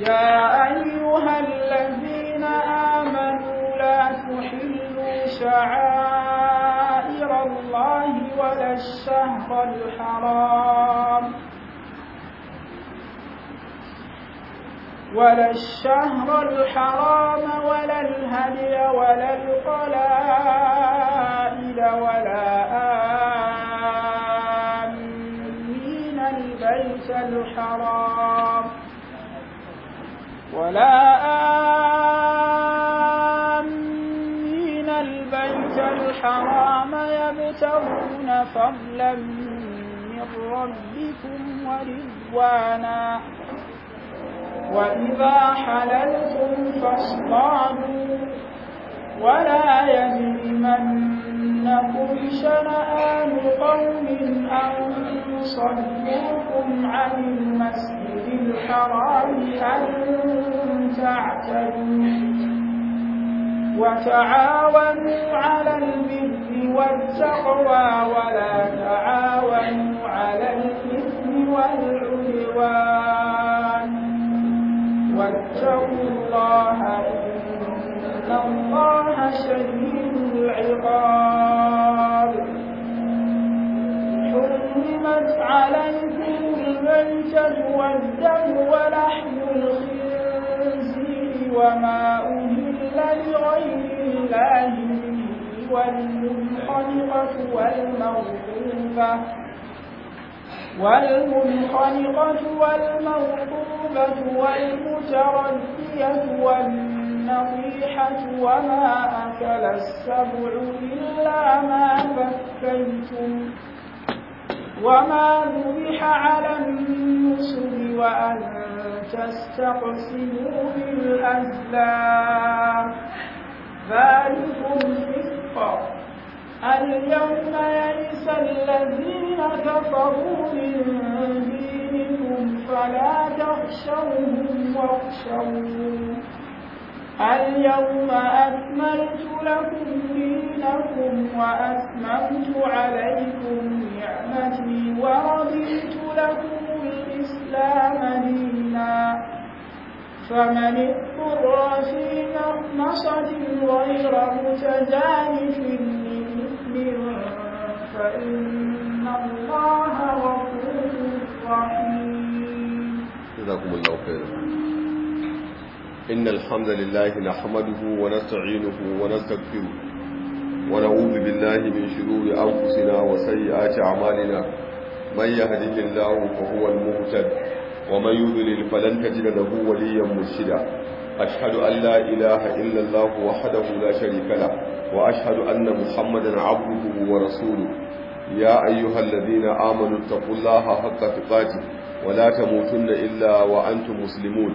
يا أيها الذين آمنوا لا تحلوا شعائر الله ولا الشهر الحرام ولا الشهر الحرام ولا الهدي ولا القلائد ولا آمين البيت الحرام ولا آمين البيت الحرام يبتغون فضلا من ربكم ورضوانا وإذا حللتم فاصطادوا ولا يجرمنكم شنآن قوم أن صدوكم عن المسجد الحرام أن تعتدوا وتعاونوا على البر والتقوى ولا تعاونوا على الإثم والعدوان واتقوا الله إن الله شديد العقاب حرمت عليكم الميتة والدم ولحم الخنزير وما أهل لغير الله والمنخنقة والمغلوبة والمنخنقة والمرطوبة والمتردية والنطيحة وما أكل السبع إلا ما فكيتم وما ذبح على النسل وأن تستقسموا بالأزلام ذلكم فسق اليوم يئس الذين كفروا من دينكم فلا تخشوهم واخشوهم اليوم أكملت لكم دينكم وأتممت عليكم نعمتي ورضيت لكم الإسلام دينا فمن اضطر في مخمصة غير متجانف لإثم فإن الله غفور رحيم جزاكم الله خيرا إن الحمد لله نحمده ونستعينه ونستغفره ونعوذ بالله من شرور أنفسنا وسيئات أعمالنا من يهده الله فهو المهتد ومن يضلل فلن تجد له وليا مرشدا أشهد أن لا إله إلا الله وحده لا شريك له وأشهد أن محمدا عبده ورسوله يا أيها الذين آمنوا اتقوا الله حق تقاته ولا تموتن إلا وأنتم مسلمون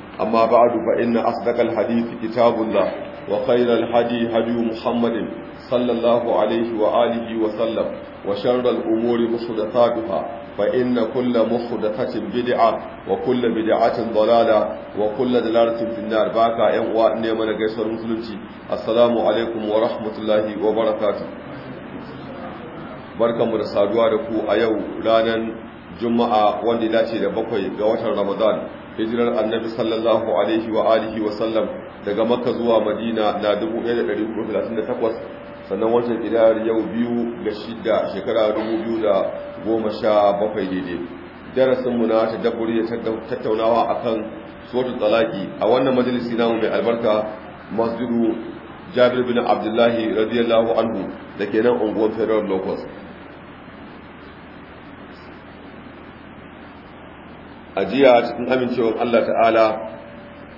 amma ba'du fa inna asdaqal hadithi kitabullah wa khayral hadi hadi muhammadin sallallahu alayhi wa alihi wa sallam wa sharral umuri musaddaqatuha fa inna kulla musaddaqatin bid'a wa kulla bid'atin dalala wa kulla dalalatin fi an baka Yan wa ne mana gaisar musulunci assalamu alaikum wa rahmatullahi wa barakatuh barkamu da saduwa da ku a yau ranar juma'a wanda dace da bakwai ga watan ramadan hijirar annabi sallallahu alaihi wa alihi wa sallam daga makka zuwa madina na 1438 sannan wancan idayar yau biyu ga shida shekara 2017 daidai darasinmu na tadabburi da tattaunawa akan suratul talaki a wannan majalisi namu mai albarka masjidu jabir bin abdullahi radiyallahu anhu da ke nan unguwar federal locust a jiya cikin amincewar Allah ta'ala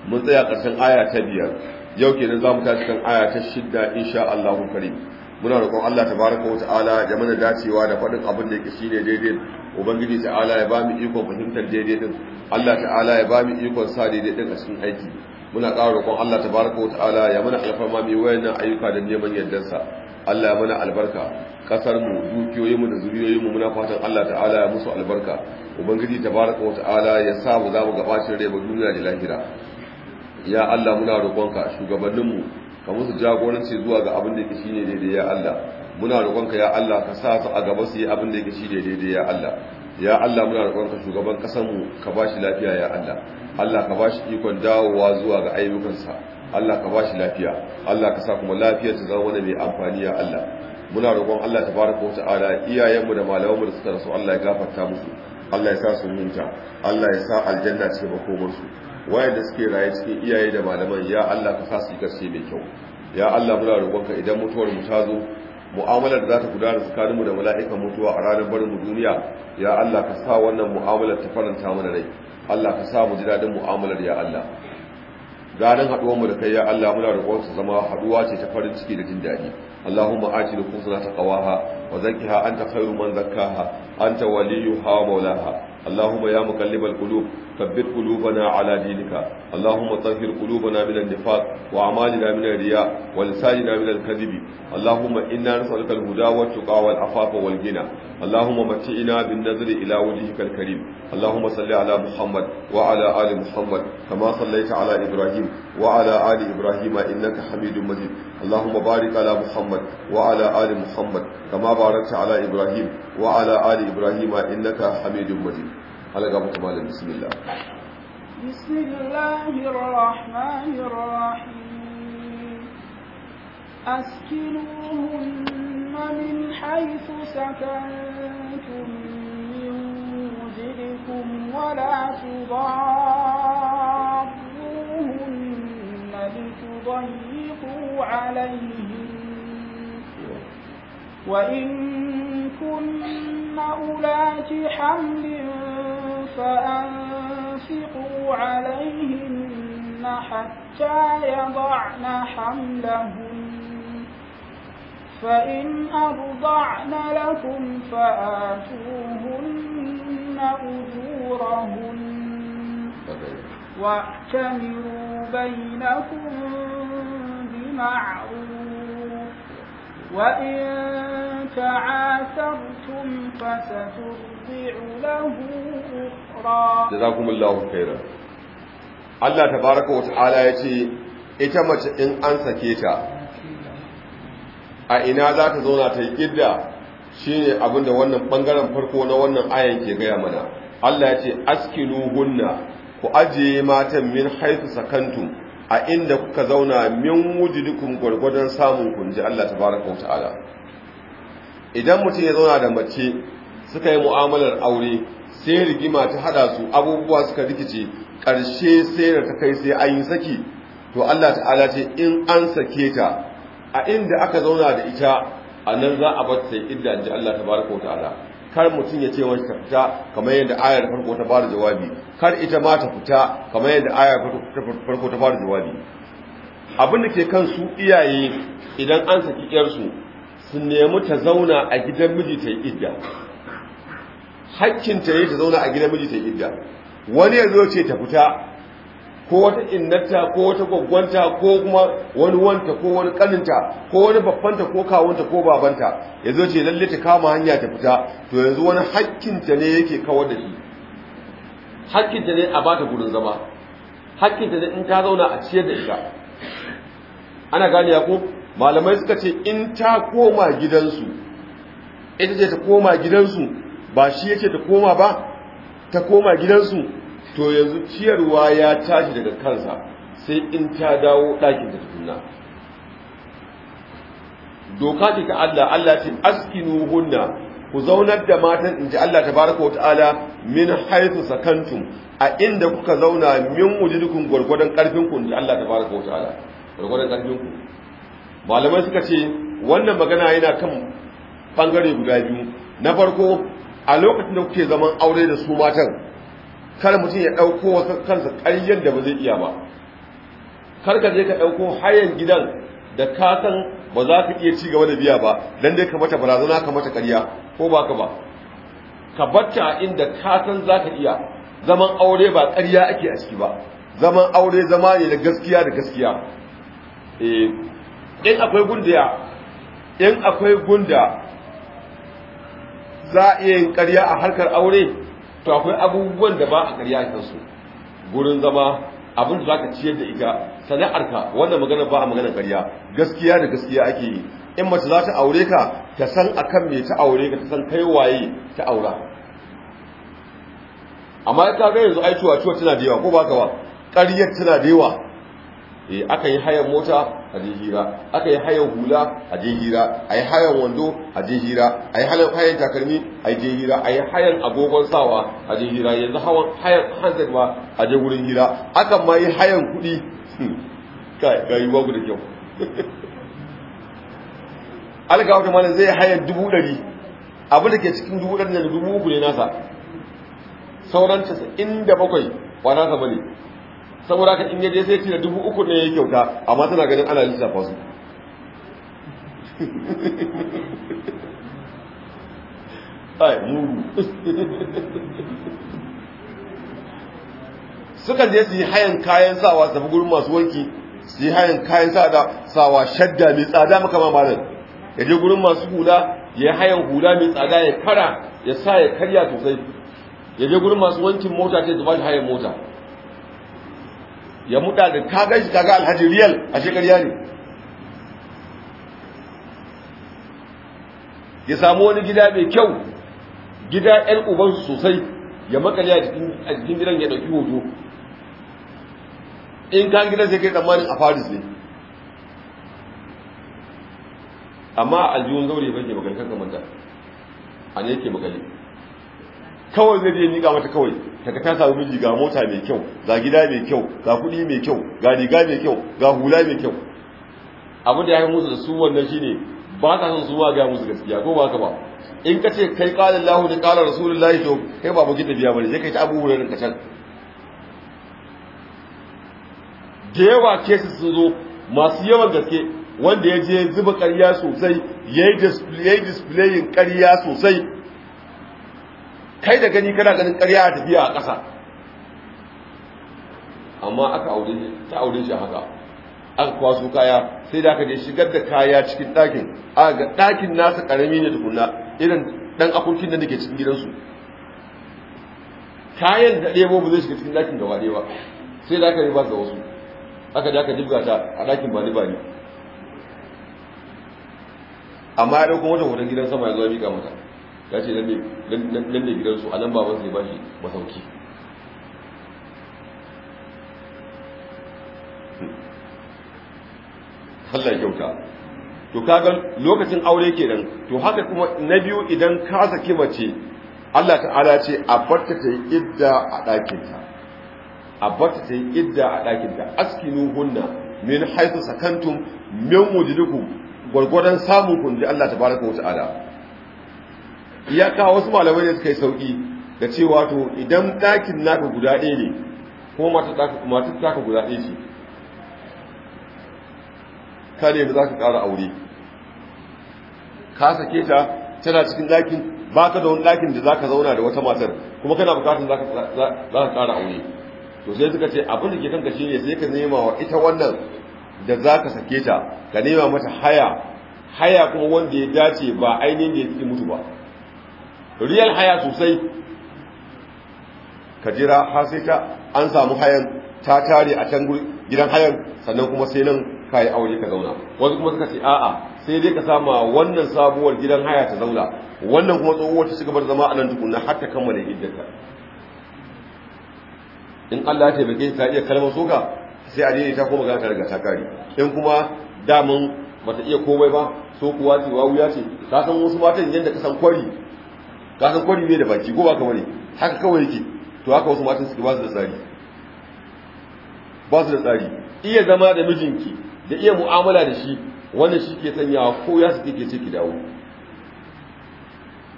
mun tsaya ƙarshen aya ta biyar yau kenan za mu tashi kan aya ta shidda insha Allah karim muna roƙon Allah tabaraka wa ta'ala ya mana dacewa da faɗin abin da yake shine daidai ubangiji ta'ala ya mu ikon fahimtar daidai din Allah ta'ala ya bamu ikon sa daidai din a cikin aiki muna ƙara roƙon Allah tabaraka wa ta'ala ya mana alfarma mai wayannan ayyuka da neman yardarsa Allah ya mana albarka kasar mu dukiyoyin mu da zuriyoyin mu muna fatan Allah ta'ala ya musu albarka ubangiji tabaraka wata'ala ya sa mu za mu gabacin rai ba duniya da lahira ya Allah muna roƙonka shugabanninmu ka musu jagoranci zuwa ga abin da yake ne daidai ya Allah muna roƙonka ya Allah ka sa su a gaba su yi abin da yake ne daidai ya Allah ya Allah muna roƙonka shugaban ƙasarmu ka ba shi lafiya ya Allah Allah ka ba shi ikon dawowa zuwa ga ayyukansa Allah ka ba shi lafiya Allah ka sa kuma lafiyar ta zama wani mai amfani ya Allah muna roƙon Allah tabaraka wa ta'ala iyayenmu da malamanmu da suka rasu Allah ya gafarta musu Allah ya sa su minta Allah ya sa aljanna cikin makomarsu wayanda suke raye cikin iyaye da malaman ya Allah ka sa su gaske mai kyau ya Allah muna ka idan mutuwar mu ta zo mu'amalar da za ta gudana tsakanin mu da mala'ikan mutuwa a ranar barin mu duniya ya Allah ka sa wannan mu'amalar ta faranta mana rai Allah ka sa mu ji daɗin mu'amalar ya Allah ranar haduwar mu da kai ya Allah muna roƙon su zama haduwa ce ta farin ciki da jin daɗi Allahumma ati li qusna taqwaha wa zakkiha anta khairu man zakkaha anta waliyuha wa mawlaha اللهم يا مقلب القلوب ثبت قلوبنا على دينك اللهم طهر قلوبنا من النفاق وأعمالنا من الرياء ولساننا من الكذب اللهم إنا نسألك الهدى والتقى والعفاف والغنى اللهم متعنا بالنظر إلى وجهك الكريم اللهم صل على محمد وعلى آل محمد كما صليت على إبراهيم وعلى آل إبراهيم إنك حميد مجيد اللهم بارك على محمد وعلى آل محمد كما باركت على إبراهيم وعلى آل إبراهيم إنك حميد مجيد على قبل بسم الله بسم الله الرحمن الرحيم أسكنوهن من حيث سكنتم ولا تضاروهن لتضيقوا عليهم وإن كن أولات حمل فأنفقوا عليهن حتى يضعن حملهن فإن أرضعن لكم فآتوهن أجورهن واعتمروا بينكم بمعروف وإن تعاثرتم فسترضع له أخرى جزاكم الله خيرا Allah wata'ala ya ce ita mace in an sake ta a ina za ta zauna ta yi ƙidda shi ne abinda wannan ɓangaren farko na wannan ayan ke gaya mana Allah ya ce askinu hunna ku ajiye matan min haifu sakantum a inda kuka zauna min wujudukum gwargwadon samun kunji Allah baraka wa ta'ala idan mutum ya zauna da mace suka yi mu'amalar aure sai rigima ta hada su abubuwa suka rikice ƙarshe sai da ta kai sai an yi saki to Allah ta'ala ce in an sake ta a inda aka zauna da ita a nan za a bar idda ji Allah baraka wa ta'ala kar mutum ya ce wata fita kamar yadda ayar farko ta fara jawabi kar ita ma ta fita kamar yadda ayar farko ta fara jawabi abin da ke kan su iyaye idan an saki ƴarsu su nemi ta zauna a gidan miji ta yi idda hakkin ta yi ta zauna a gidan miji ta yi idda wani yanzu ya ce ta fita ko wata innata ko wata gwaggwanta ko kuma wani wanta ko wani kaninta ko wani babbanta ko kawunta ko babanta ya zo ce lalle ta kama hanya ta fita to yanzu wani hakkinta ne yake kawar da shi hakkinta ne a bata gurin zama hakkinta ne in ta zauna a ciyar da ita ana gane ya ko malamai suka ce in ta koma gidansu ita ce ta koma gidansu ba shi yake ta koma ba ta koma gidansu to yanzu ciyarwa ya tashi daga kansa sai in ta dawo ɗakin da tukunna doka ce ta Allah Allah ce askinu hunna ku zaunar da matan inji Allah wa ta'ala min haythu sakantum a inda kuka zauna min wujudukun gwargwadon karfin ku inji Allah tabaraka wata'ala Gwargwadon karfin ku malamai suka ce wannan magana yana kan bangare guda biyu na farko a lokacin da kuke zaman aure da su matan kar mutum ya ɗauko wasu kansa ƙaryar da ba zai iya ba kar ka je ka ɗauko hayan gidan da ka san ba za ka iya ci gaba da biya ba dan dai ka mata barazana ka mata ƙarya ko ba ka ba ka batta inda ka san za ka iya zaman aure ba ƙarya ake a ciki ba zaman aure zama ne da gaskiya da gaskiya eh, in akwai gundaya in akwai gunda za a iya yin ƙarya a harkar aure to akwai abubuwan da ba a ƙarya a kansu gurin zama abin da zaka ciyar da ita sana'arka wannan magana ba a magana ƙarya gaskiya da gaskiya ake yi in mace za ta aure ka ta san akan me ta aure ka ta san kai waye ta aura amma ka ga yanzu ai tuwa tuwa tana da yawa ko ba ka ba ƙaryar tana da yawa E, aka yi hayan mota a je hira aka yi hayan hula a je hira a yi hayan wando a je hira a yi hayan takalmi a je hira a yi hayan agogon sawa a je hira yanzu hawan hayan hanzar ma a je wurin hira aka ma yi hayan kuɗi hmm. kai ga yi wagu da kyau alga wata malam zai hayan dubu ɗari abin da ke cikin dubu ɗari da dubu uku ne nasa sauran casa'in da bakwai wa nasa bane. ne saboda ka inda dai sai tira dubu uku ne ya kyauta amma tana ganin ana lissafa su ai muru suka je su yi hayan kayan sawa su gurin masu wanki su yi hayan kayan sawa shadda mai tsada maka ma malam ya je gurin masu hula ya yi hayan hula mai tsada ya kara ya sa ya karya sosai ya je gurin masu wankin mota ce su ba shi hayan mota ya muda da ka gaji ka ga alhaji riyal a shekariya ne ya samu wani gida mai kyau gida yan ubansu sosai ya makale a jikin gidan ya dauki hoto in kan gidan sai kai tsammanin a faris ne amma aljihun zaure bai ke magana kamar da a ne ke magana kawai zai je nika mata kawai kaga ka samu miji ga mota mai kyau ga gida mai kyau ga kuɗi mai kyau ga riga mai kyau ga hula mai kyau abin da ya musu da su wannan shine ba ka son su ba ga musu gaskiya ko ba ka ba in ka ce kai qala Allahu da qala Rasulullahi to kai ba mu gida biya bane sai kai ta Abu Hurairah ka can da yawa su sun zo masu yawan gaske wanda ya je zuba ƙarya sosai yayi displaying ƙarya sosai kai da gani kana ganin ƙarya a tafiya a ƙasa amma aka aure ta aure shi haka aka kwaso kaya sai da aka je shigar da kaya cikin ɗakin a ga ɗakin nasa ƙarami ne tukuna, irin ɗan akwukin da nake cikin gidansu kayan da ɗebo ba zai shiga cikin ɗakin gaba ɗaya ba sai da aka yi ba ga wasu aka je aka jibga ta a ɗakin ba ni ba ni amma ya ɗauko wata hoton gidan sama ya zo ya miƙa mata ya ce nan ne gidansu a nan baban zai ba shi masauki Allah kyauta to kaga lokacin aure ke nan, to haka kuma na biyu idan ka saki mace Allah ta'ala ce a barta ta yi idda a ɗakinta a barta ta yi idda a ɗakinta askinu hunna min haifu sakantum min wujudukum gwargwadon samun kundi Allah Allah baraka wa ta'ala ya kawo wasu malamai da suka yi sauki da cewa to idan ɗakin naka guda ɗaya ne ko matar taka guda ɗaya ce ka ne da za ka ƙara aure ka sake ta tana cikin ɗakin ba ka da wani ɗakin da za ka zauna da wata matar kuma kana bukatun za ka ƙara aure to sai suka ce abin da ke kanka shi ne sai ka nema wa ita wannan da za ka sake ta ka nema mata haya haya kuma wanda ya dace ba ainihin da ya fi mutu ba real haya sosai ka jira har sai ta an samu hayan ta tare a can gidan hayan sannan kuma sai nan ka yi aure ka zauna wasu kuma suka ce a'a sai dai ka sama wannan sabuwar gidan haya ta zauna wannan kuma tsohuwar ta cigaba da zama a nan tukuna har ta kammala iddata in Allah ya taimake ta iya kalmar soka sai a ne ta kuma gata ta riga ta kare in kuma damun bata iya komai ba so kuwa ce wa wuya ce ta san wasu matan yadda ka san kwari ka san kwari ne da baki ko ba ka bane haka kawai yake to haka wasu matan suke ba su da tsari ba da tsari iya zama da mijinki da iya mu'amala da shi wannan shi ke sanyawa ko ya suke ke ce ki dawo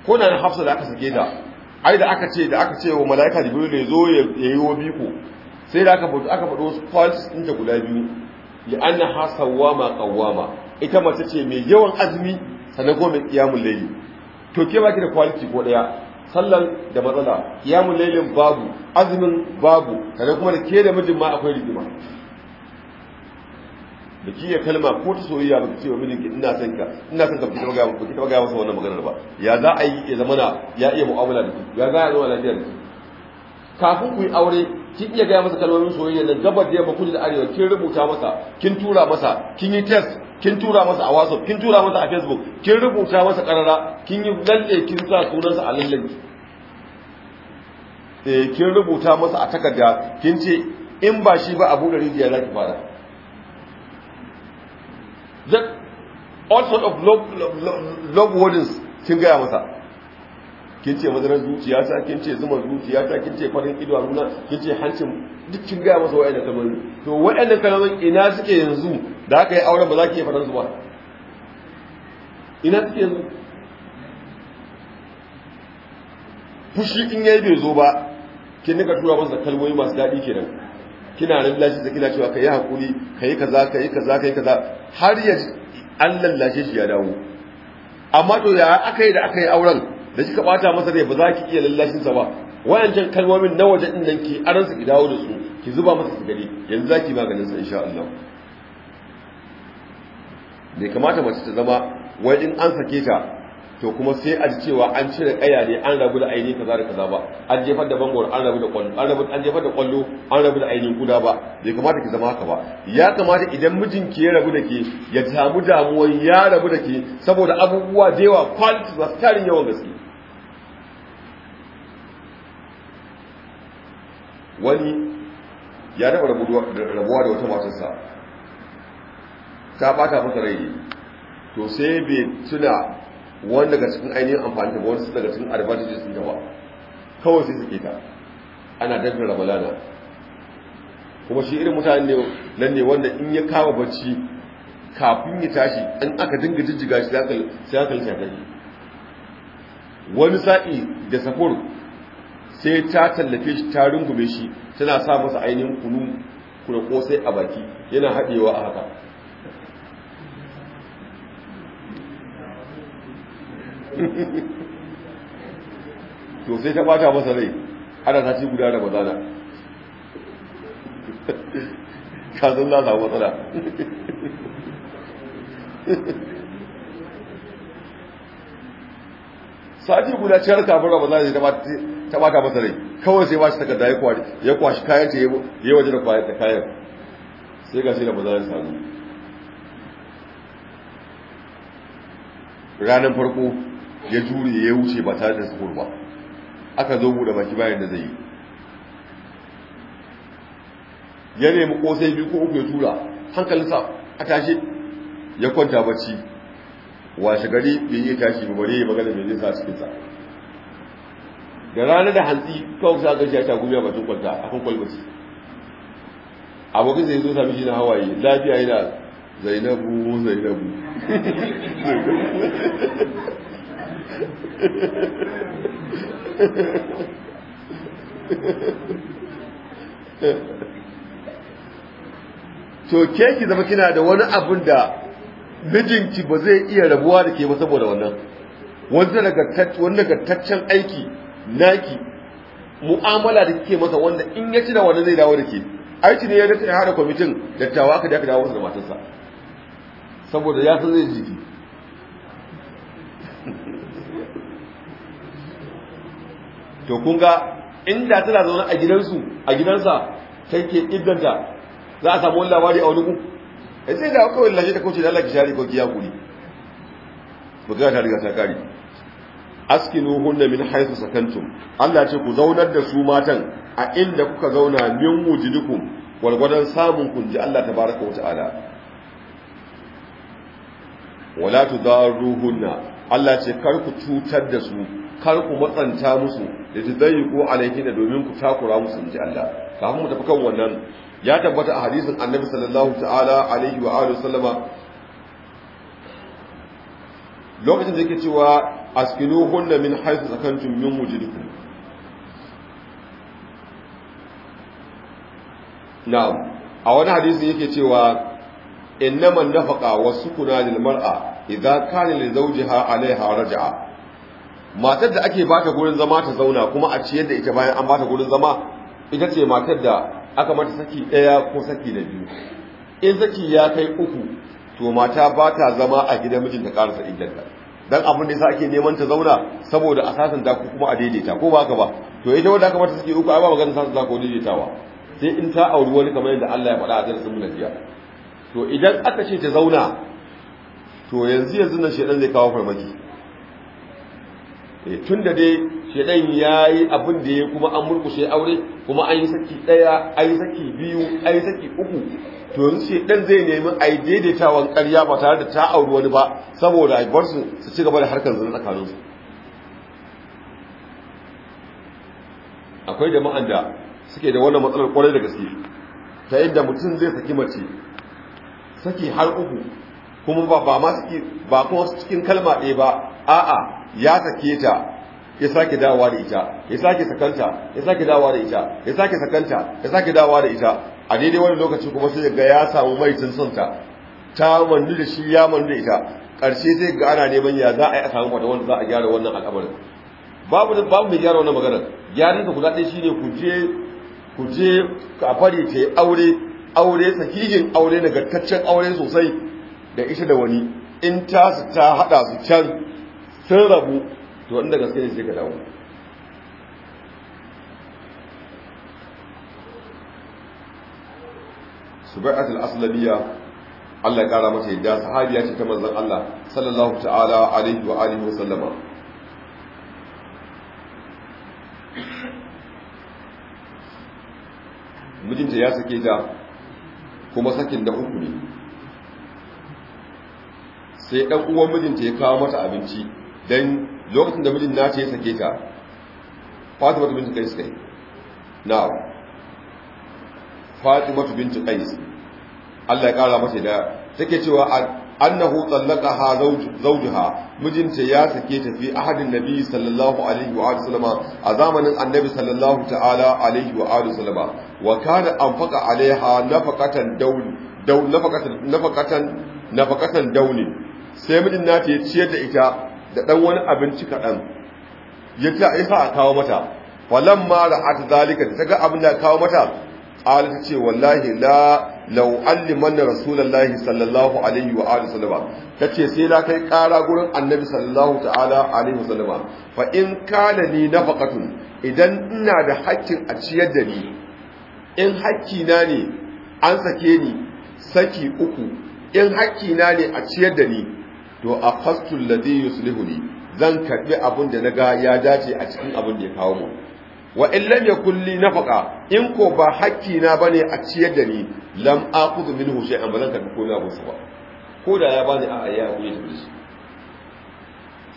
ko na hafsa da aka sake da ai da aka ce da aka ce wa mala'ika da biyu ne zo ya yi wa biko sai da aka fito aka fito wasu faults din da guda biyu li anna hasawama qawama ita mace ce mai yawan azumi sannan kuma mai qiyamul layli to ke baki da quality ko daya sallan da matsala qiyamul lailin babu azumin babu kada kuma da ke da mijin ma akwai rigima da ya kalma ko ta soyayya ba ce wa ki ina son ka ina son ka ki ga ba ki taba ga masa wannan maganar ba ya za a yi ya zamana ya iya mu'amala da ki ya za a zo lafiya da ki kafin ku yi aure kin iya gaya masa kalmomin soyayya nan gabar da ya kudu da arewa kin rubuta masa kin tura masa kin yi test kin tura masa a whatsapp kin tura masa a facebook kin rubuta masa karara kin yi lalle kin sa sunansa a lallan eh kin rubuta masa a takarda kin ce in ba shi ba abu da rijiya zaki fara that all sort of love, love, love, love words kin gaya masa kin ce madaran zuciya ta kin ce zuman zuciya ta kin ce farin ido a nuna kin ce hancin duk kin ga masa wayannan kalmomi to wayannan kalmomin ina suke yanzu da aka yi auren ba za ki yi faransu zuwa ina suke yanzu fushi in yayi bai zo ba kin nika tura masa kalmomi masu daɗi kenan kina nan lashi da kina cewa kai hakuri kai kaza kai kaza kai kaza har ya an lallashe shi ya dawo amma to ya aka yi da aka yi auren da kika bata masa rai ba za ki iya lallashin sa ba wayancan kalmomin na waje din nan ki aran su ki dawo da su ki zuba masa su gari yanzu zaki maganin sa insha Allah ne kamata mace ta zama wai in an sake ta to kuma sai a ji cewa an cire kaya ne an rabu da ainihin kaza da kaza ba an jefar da bangor an rabu da kwallo an rabu an jefar da kwallo an rabu da ainihin guda ba bai kamata ki zama haka ba ya kamata idan mijinki ya rabu da ke ya samu damuwar ya rabu da ke saboda abubuwa da yawa za masu tarin yawan gaske wani ya taɓa rabuwa da wata matarsa ta bata masa rai to sai bai tuna wani daga cikin ainihin amfani da wani daga cikin advantages ɗin ba kawai sai suke ta ana dafin ramalana kuma shi irin mutane nan ne wanda in ya kama bacci kafin ya tashi in aka dinga jijjiga shi sai aka lishe wani sa'i da safur sai ta tallafe shi ta rungume shi tana sa masa ainihin kunu kuna kosai a baki yana haɗewa a haka to sai ta bata masa rai ana ta ci guda da bazana kazan za samu matsala sati guda ciyar kafin ramazan ne ta ta baka masa rai kawai sai ba shi takarda ya kwashi ya kwashi kayan ta ya waje da kwayan kayan sai ga shi da bazar sanu ranar farko ya jure ya wuce ba tare da sukur ba aka zo bude baki bayan da zai yi ya nemi kosai biyu ko uku ya tura hankalinsa a tashi ya kwanta bacci washe gari bai yi tashi ba bare ya magana mai sa cikinsa da rana da hantsi kawai sa ga ta gumiya batun kwanta a kan kwalbati abokin zai zo sami shi na hawaye lafiya yana zainabu zainabu to ke ki zama kina da wani abin da mijinki ba zai iya rabuwa da ke ba saboda wannan daga nagartaccen aiki naki mu'amala da kike masa wanda in ya ci da wanda zai dawo da ke aiki ne ya rika ya hada kwamitin dattawa ka da ka dawo da matarsa saboda ya san zai jiki to kun ga inda tana zaune a gidansu a gidansa ke iddanta za a samu wani labari a wani ku sai da kawai lashe ta kauce da Allah ki share ko ki ya guri ba ga ta riga ta kare askinuhunna min haythu sakantum Allah ce ku zaunar da su matan a inda kuka zauna min wujudukum walgwadon samun ku ji Allah wa ta'ala. wala tudaruhunna Allah ce kar ku cutar da su kar ku matsanta musu da zai tadayyiqu alayhinna domin ku takura musu ji Allah kafin mu tafi kan wannan ya tabbata a hadisin Annabi sallallahu ta'ala alaihi wa alihi sallama lokacin da yake cewa askinu hunna min haisu sakantum min wujudikum na'am a wani hadisi yake cewa nafaka nafaqa wasukuna lil mar'a idza kana li zawjiha alaiha raj'a matar da ake bata gurin zama ta zauna kuma a ciyar da ita bayan an bata gurin zama ita ce matar da aka mata saki ɗaya ko saki da biyu in saki ya kai uku to mata ba ta zama a gidan mijinta ƙarasa iddar dan abin da yasa ake neman ta zauna saboda a sasanta ku kuma a daidaita ko ba ka ba to ita wanda aka mata suke uku ai ba magana sasanta ko daidaitawa sai in ta auri wani kamar yadda Allah ya faɗa a darasin mu jiya to idan aka ce ta zauna to yanzu yanzu nan shedan zai kawo farmaki eh tunda dai shedan yayi abin da ya kuma an murkushe aure kuma an yi saki daya an yi saki biyu an yi saki uku to yanzu shi dan zai nemi a yi daidaitawan ƙarya ba tare da ta auri wani ba saboda haifarsu su ci gaba da harkar zina tsakaninsu akwai jama'an da suke da wannan matsalar kwarai da gaske ta yadda mutum zai saki mace saki har uku kuma ba ba ma saki ba kuma cikin kalma ɗaya ba a'a ya sake ta ya sake dawa da ita ya sake sakanta ya sake dawa da ita ya sake sakanta ya sake dawa da ita a daidai wani lokaci kuma sai ga ya samu mai sunta, ta mandu da shi ya mandu da ita ƙarshe sai ga ana neman ya za a yi a samu kwata wanda za a gyara wannan al'amarin babu babu mai gyara wannan maganar gyaran ka guda ɗaya shine ku je ku je ka fari ta yi aure aure sahihin aure nagartaccen aure sosai da ita da wani in ta su ta haɗa su can sun rabu to wanda gaske ne sai ka dawo subai'at al-aslamiyya Allah ya kara mata yadda sahabiya ce ta manzon Allah sallallahu ta'ala alaihi wa alihi wa sallama mijinta ya sake ta kuma sakin da uku ne sai ɗan uwan mijinta ya kawo mata abinci don lokacin da mijin nace ya sake ta fatima ta binta kai na'am fatimatu binti qais Allah ya kara mata da take cewa annahu tallaqaha zawjuha mijinta ya sake ta fi ahadin nabi sallallahu alaihi wa sallama a zamanin annabi sallallahu ta'ala alaihi wa sallama wa kana anfaqa alaiha nafaqatan dawl dawl nafaqatan nafaqatan nafaqatan dawli sai mijin nata ya ciyar da ita da dan wani abinci kadan ya ta a kawo mata falamma ra'at zalika ta ga abin da kawo mata قال تتي والله لا لو علمن رسول الله صلى الله عليه وآله وسلم تتي سينا كي قارا قرن النبي صلى الله تعالى عليه وسلم فإن كان لي نفقة إذن إنا بحق أتشيد لي إن حقي ناني أنسكيني سكي أكو in hakkina ne a ciyar da ni to a fastul ladhi yuslihu ne, zan karɓi abin da na ga ya dace a cikin abin da ya kawo mu wa in lam yakul li nafaqa in ko ba hakki na bane a ciyar da ni lam aqudu minhu shay'an bazan ka ko na musu ba ko da ya bani a ayya kuye da shi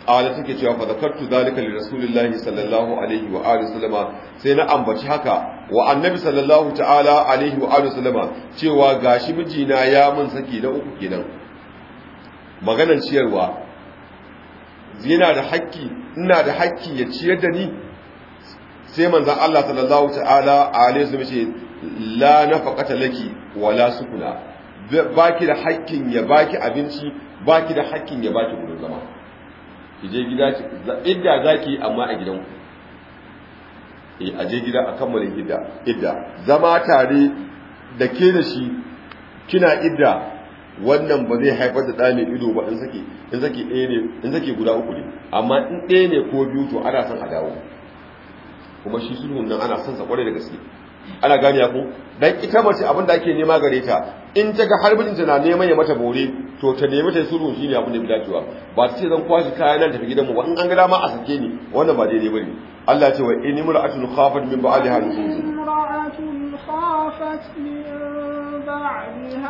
qala take cewa fa zakartu zalika li rasulillahi sallallahu alaihi wa alihi sallama sai na ambaci haka wa annabi sallallahu ta'ala alaihi wa alihi sallama cewa gashi mijina ya mun saki na uku kenan maganar ciyarwa yana da hakki ina da hakki ya ciyar da ni sai manzan Allah sallallahu ta'ala alaihi wasallam mace la faƙata laki wala sukuna baki da haƙƙin ya baki abinci baki da haƙƙin ya baki gudun zama ki je gida idda za ki amma a gidanku eh je gida a kammala idda idda zama tare da ke da shi kina idda wannan ba zai haifar da ɗani ido ba in sake in sake ɗaya ne in sake guda uku ne amma in ɗaya ne ko biyu to ana son a dawo kuma shi sulhun nan ana son sa kware da gaske ana gane ku dan ita mace abin da ake nema gare ta in ta ga har ta na neman ya mata bore to ta nemi ta sulhun shine abin da bi dacewa ba ta ce zan kwashi kayan nan tafi mu ba in an ga dama a sake ni wannan ba daidai bane Allah ya ce wa in imra'atun khafat min ba'liha nushuzun khafat min ba'liha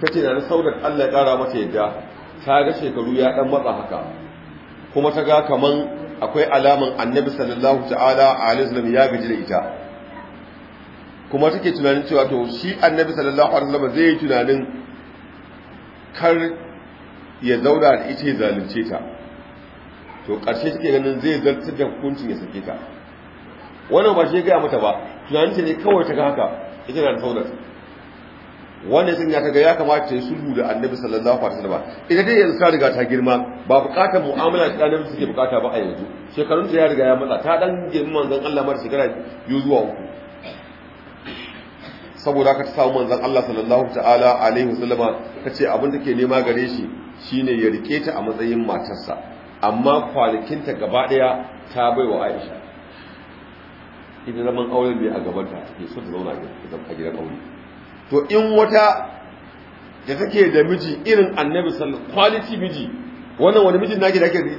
kace na saudat Allah ya kara mata yadda ta ga shekaru ya dan matsa haka kuma ta ga kaman akwai alaman annabi sallallahu ta'ala alaihi wasallam ya gaji da ita kuma take tunanin cewa to shi annabi sallallahu alaihi wasallam zai yi tunanin kar ya zauna da ita zalunce ta to ƙarshe take ganin zai zartar da hukuncin ya sake ta wannan ba shi ya gaya mata ba tunanin ta ne kawai ta ga haka ita na da wanda sun ya ga ya kamata ta yi sulhu da annabi sallallahu alaihi wasallam ita dai yanzu ta riga ta girma ba bukatar mu'amala da annabi suke bukata ba a yanzu shekarun ta ya riga ya matsa ta dan girma manzon Allah mar shekara biyu zuwa uku saboda ka samu manzon Allah sallallahu ta'ala alaihi wasallama ta ce abin da ke nema gare shi shine ya rike ta a matsayin matarsa amma ta gaba daya ta baiwa Aisha ita zaman auren ne a gabanta take so ta zauna a gidan aure to in wata da take da miji irin annabi sallallahu quality miji wannan wani miji nake da ake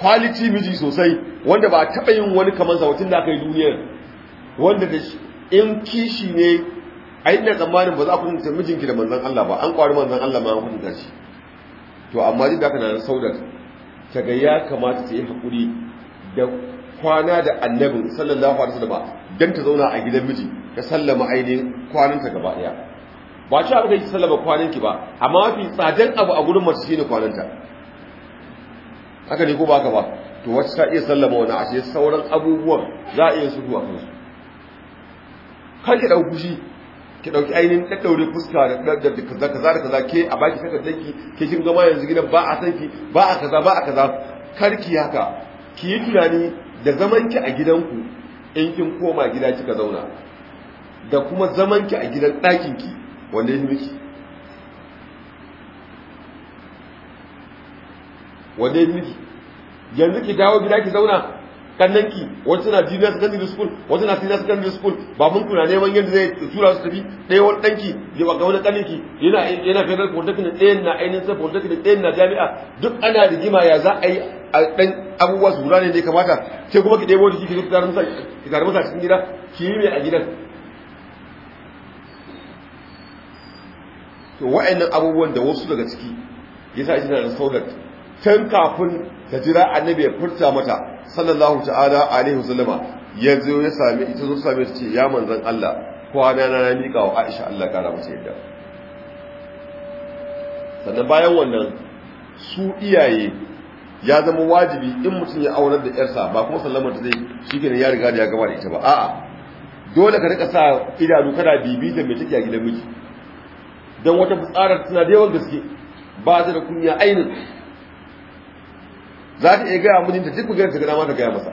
quality miji sosai wanda ba taɓa yin wani kamar sa wacin da aka yi duniyar wanda da in kishi ne a yi na tsammanin ba za ku mutu mijinki da manzon Allah ba an kwari manzon Allah ma an hukunta shi to amma din da kana na saudar ta ga ya kamata ta yi hakuri da kwana da annabin sallallahu alaihi wasallam dan ta zauna a gidan miji ta sallama ainihin kwananta gaba daya ba ci abu da ki sallama ki ba amma mafi tsadan abu a gurin mace shine kwananta haka ne ko ba ka ba to wacce ta iya sallama wani ashe sauran abubuwan za a iya su zuwa kansu kan ki dauki shi ki dauki ainihin daddaure fuska da da kaza kaza da kaza ke a baki ki ke kin gama yanzu gidan ba a sanki ba a kaza ba a kaza karki haka ki yi tunani da zamanki a gidanku in kin koma gida kika zauna da kuma zamanki a gidan ɗakinki wanda ya miki wanda ya miki yanzu ki dawo gida ki zauna kannanki wasu na junior secondary school wasu na senior secondary school ba mun kuna neman yadda zai tura su tafi ɗaya wani ɗanki ya baka wani ƙaninki yana yana federal polytechnic ɗayan na ainihin sai polytechnic ɗayan na jami'a duk ana rigima ya za a yi a dan abubuwa su da ya kamata sai kuma ki ɗebo jiki ki tare ki tare masa cikin gida ki yi mai a gidan to wa'annan abubuwan da wasu daga ciki yasa ita da saudat can kafin ta jira annabi ya furta mata sallallahu ta'ala alaihi wasallama ya zo ya sami ita zo sami ta ce ya manzan Allah kwana na na mika wa Aisha Allah kara mata yadda sannan bayan wannan su iyaye ya zama wajibi in mutum ya aurar da yarsa ba kuma sallamar ta zai shi shikenan ya riga da ya gama da ita ba a'a dole ka rika sa idanu kana bibita mai take a gidan miji don wata tsara tana da yawan gaske ba ta da kunya ainin za ta iya gaya mijinta duk maganar ta gana ma ta gaya masa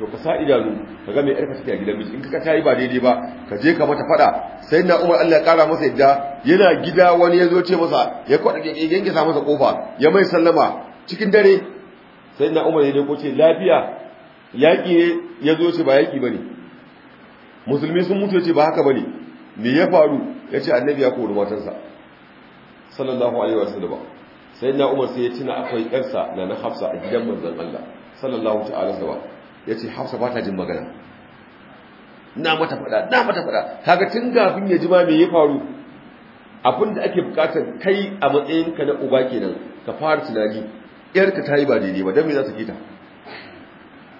to ka sa idanu ka ga mai yarka take a gidan miji in ka ta yi ba daidai ba ka je ka mata fada sai na umar Allah ya kara masa yadda yana gida wani ya zo ce masa ya kwaɗa ya yanke sa masa ƙofa ya mai sallama cikin dare sai na umar yadda ko ce lafiya yaƙi ne ya zo ce ba yaƙi ba ne musulmi sun mutu ya ce ba haka ba ne me ya faru ya ce annabi ya kori matansa sallallahu alaihi wa sallam sai na umar sai ya cina akwai ƙarsa na na hafsa a gidan manzan Allah sallallahu ta'ala sallam ya ce hafsa ba ta jin magana na mata faɗa na mata faɗa kaga tun kafin ya ji me ya faru abin da ake bukatar kai a matsayinka na uba kenan ka fara tunani yarka ta yi ba daidai ba don me za ta kita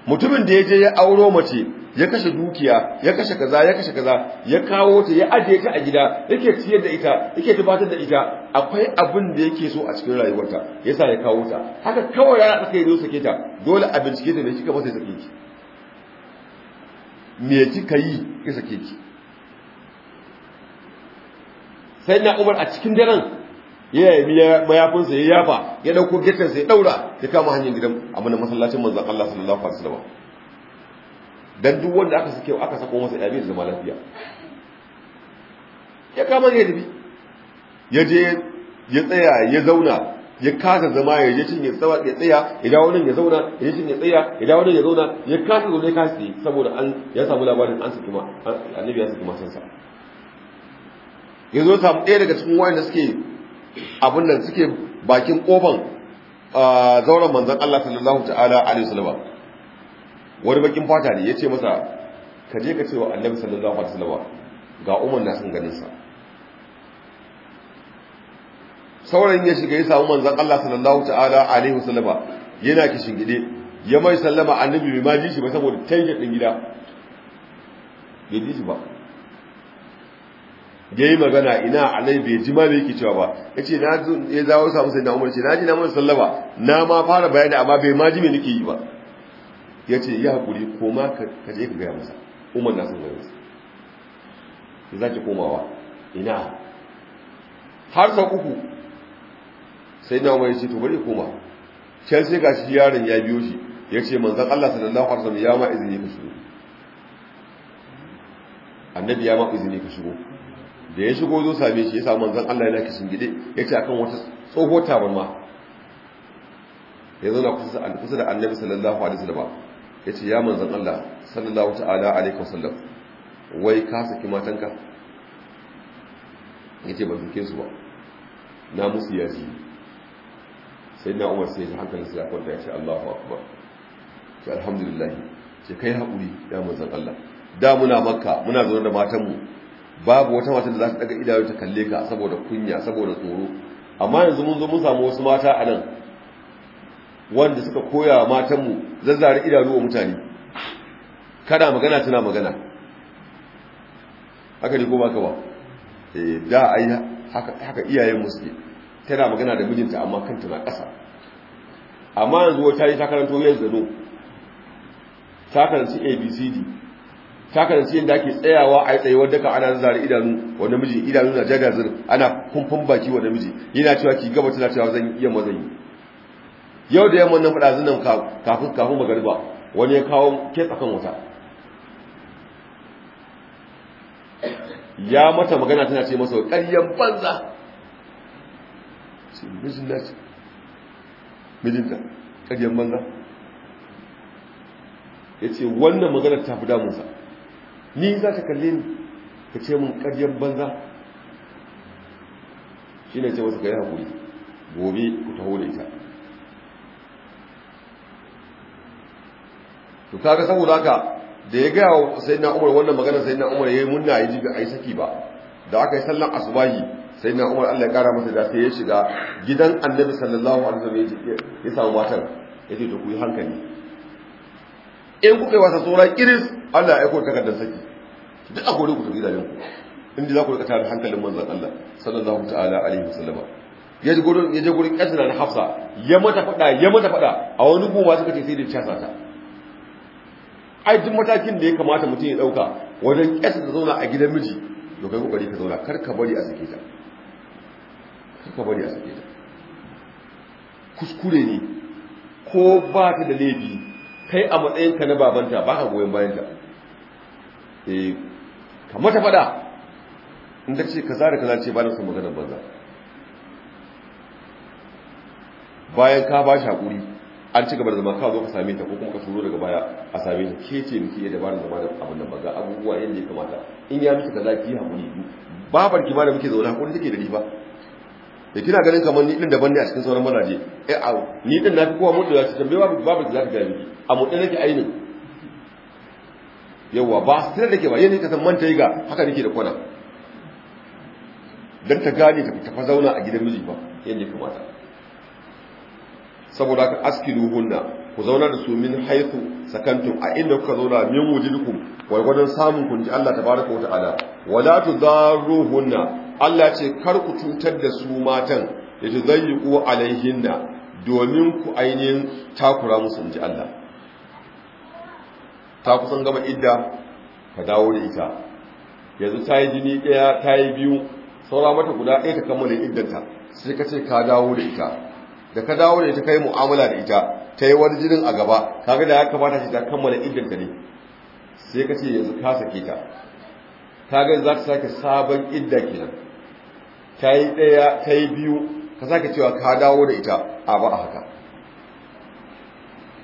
mutumin da ya je ya auro mace ya kashe dukiya ya kashe kaza ya kashe kaza ya kawo ta ya ajiye ta a gida yake ciyar da ita yake tubatar da ita akwai abin da yake so a cikin rayuwarta yasa ya kawo ta haka kawai yana tsaka ya sake ta dole a bincike ta me kika sai sake ki me kika yi ki sake ki sai na umar a cikin daren ya yabi mayafinsa ya yafa ya dauko gitansa ya daura ya kama hanyar gidan abin da masallacin manzon Allah sallallahu alaihi wasallam dan duk wanda aka sake aka sako masa yabi da zama lafiya ya kama ne dabi ya je ya tsaya ya zauna ya kasa zama ya je cin ya tsawa ya tsaya ya dawo nan ya zauna ya je cin ya tsaya ya dawo nan ya zauna ya kasa zaune ya kasa saboda an ya samu labarin an saki ma annabi ya saki masansa ya zo samu ɗaya daga cikin wayanda suke abin da suke bakin ƙofan zauren manzan Allah sallallahu ta'ala alaihi wasallam wani bakin fata ne yace masa ka je ka ce wa Annabi sallallahu alaihi wasallam ga Umar na sun ganin sa sauran ya shiga ya samu manzan Allah sallallahu ta'ala alaihi wasallama yana kishin gide ya mai sallama annabi bai ma ji shi ba saboda tangin din gida bai ji shi ba ya yi magana ina alai bai ji ma bai yake cewa ba ya ce na ya zawo samu sai na umar ce na ji na mun sallaba na ma fara bayani amma bai ma ji me nake yi ba ya ce ya haƙuri ko ma ka je ka gaya masa umar na son gaya masa ya zaki komawa ina har sa uku sai na umar ya ce to bari koma can sai ga shi yaron ya biyo shi ya ce manzan Allah sallallahu alaihi wasallam ya ma izini ka shigo annabi ya ma izini ka shigo da ya shigo zo same shi ya samu manzon Allah yana kishin gide ya ce akan wata tsohuwar tabarma ya zo na kusa da annabi sallallahu alaihi wasallam ya ce ya manzon Allah sallallahu ta'ala alaihi wasallam wai ka saki matanka ya ce ban sake su ba na musu yaji sai na umar sai ya hankali sai ya kwanta ya ce Allahu akbar ce alhamdulillah ce kai haƙuri ya manzon Allah da muna makka muna zaune da matanmu babu wata mata da za ta daga idanu ta kalle ka saboda kunya saboda tsoro amma yanzu mun zo mun samu wasu mata a nan wanda suka koya wa matanmu zazzare idanu wa mutane kana magana tana magana haka ne ko ba ka ba eh, da ai haka haka iyayen musu tana magana da mijinta amma kanta na ƙasa amma yanzu wata yi ta karanto yanzu da ta karanci abcd taka da siyan da ake tsayawa a yi wadda ka ana zare idanu wa namiji idanu na jaga zir ana kumfun baki wa namiji yana cewa ki gaba tana cewa zan iya mazan yi yau da yamma nan fada zinan kafin kafin magariba wani ya kawo ke tsakan wata ya mata magana tana ce masa ƙaryan banza ƙaryan banza ya ce wannan magana ta fi damunsa ni za ta kalli ni ka ce mun karyar banza shi ne ce wasu ka yi haƙuri gobe ku taho da ita to kaga saboda haka da ya gaya wa sayyidina umar wannan magana sayyidina umar ya yi munna ya ji a yi saki ba da aka yi sallan asubahi sayyidina umar Allah ya kara masa da sai ya shiga gidan annabi sallallahu alaihi wasallam ya samu matar ya ce to ku yi hankali in kuka yi wasa tsoron iris Allah ya aiko takardar saki duk a kore ku tafi gidajen ku inda za ku rika tare hankalin manzan Allah sallallahu ta'ala alaihi wasallama ya ji gudun ya ji gudun ƙasirar da Hafsa ya mata faɗa, ya mata faɗa. a wani goma suka ce sai da casa ta ai duk matakin da ya kamata mutum ya ɗauka, wajen da zauna a gidan miji to kai kokari ka zauna kar ka bari a sake ta kar ka bari a sake ta kuskure ne ko ba ta da laifi kai a matsayinka na babanta ba ka goyon bayanta e eh, kamar ta fada inda ta ce kaza da kaza ce ba na son maganar banza bayan ka ba shi haƙuri an ci gaba da zama ka zo ka same ta ko kuma ka turo daga baya a same ta ke ce miki iya dabarar zama da abin da banza abubuwa yadda ya kamata in ya miki kaza ki haƙuri babar ki ma da muke zaune haƙuri take da ni ba da eh, kina ganin kamar ni din daban ne a cikin sauran mazaje eh a ni din nafi kowa mutu zai tambaye babu babu zaka gani a mutu nake ainin yawa ba da ke ba yayin ka san manta yi ga haka nake da kwana dan ta gane ta fita zauna a gidan miji ba yadda kamata saboda haka askiluhunna ku zauna da su min haythu sakantum a inda kuka zauna min wujudukum wai gwadon samun kunji Allah tabaraka wa ta'ala wala tudarruhunna Allah ce kar ku cutar da su matan da ta zai alaihin alaihinna domin ku ainihin takura musu in ji Allah ta kusan gama idda ka dawo da ita yanzu ta yi jini ɗaya ta yi biyu saura mata guda ɗaya ta kammala iddanta sai ka ce ka dawo da ita da ka dawo da ita ka yi mu'amala da ita ta yi wani jinin a gaba ga da ya kamata shi ta kammala iddanta ne sai ka ce yanzu ka sake ta kaga za ta sake sabon idda kenan ta yi ɗaya ta yi biyu ka sake cewa ka dawo da ita a ba a haka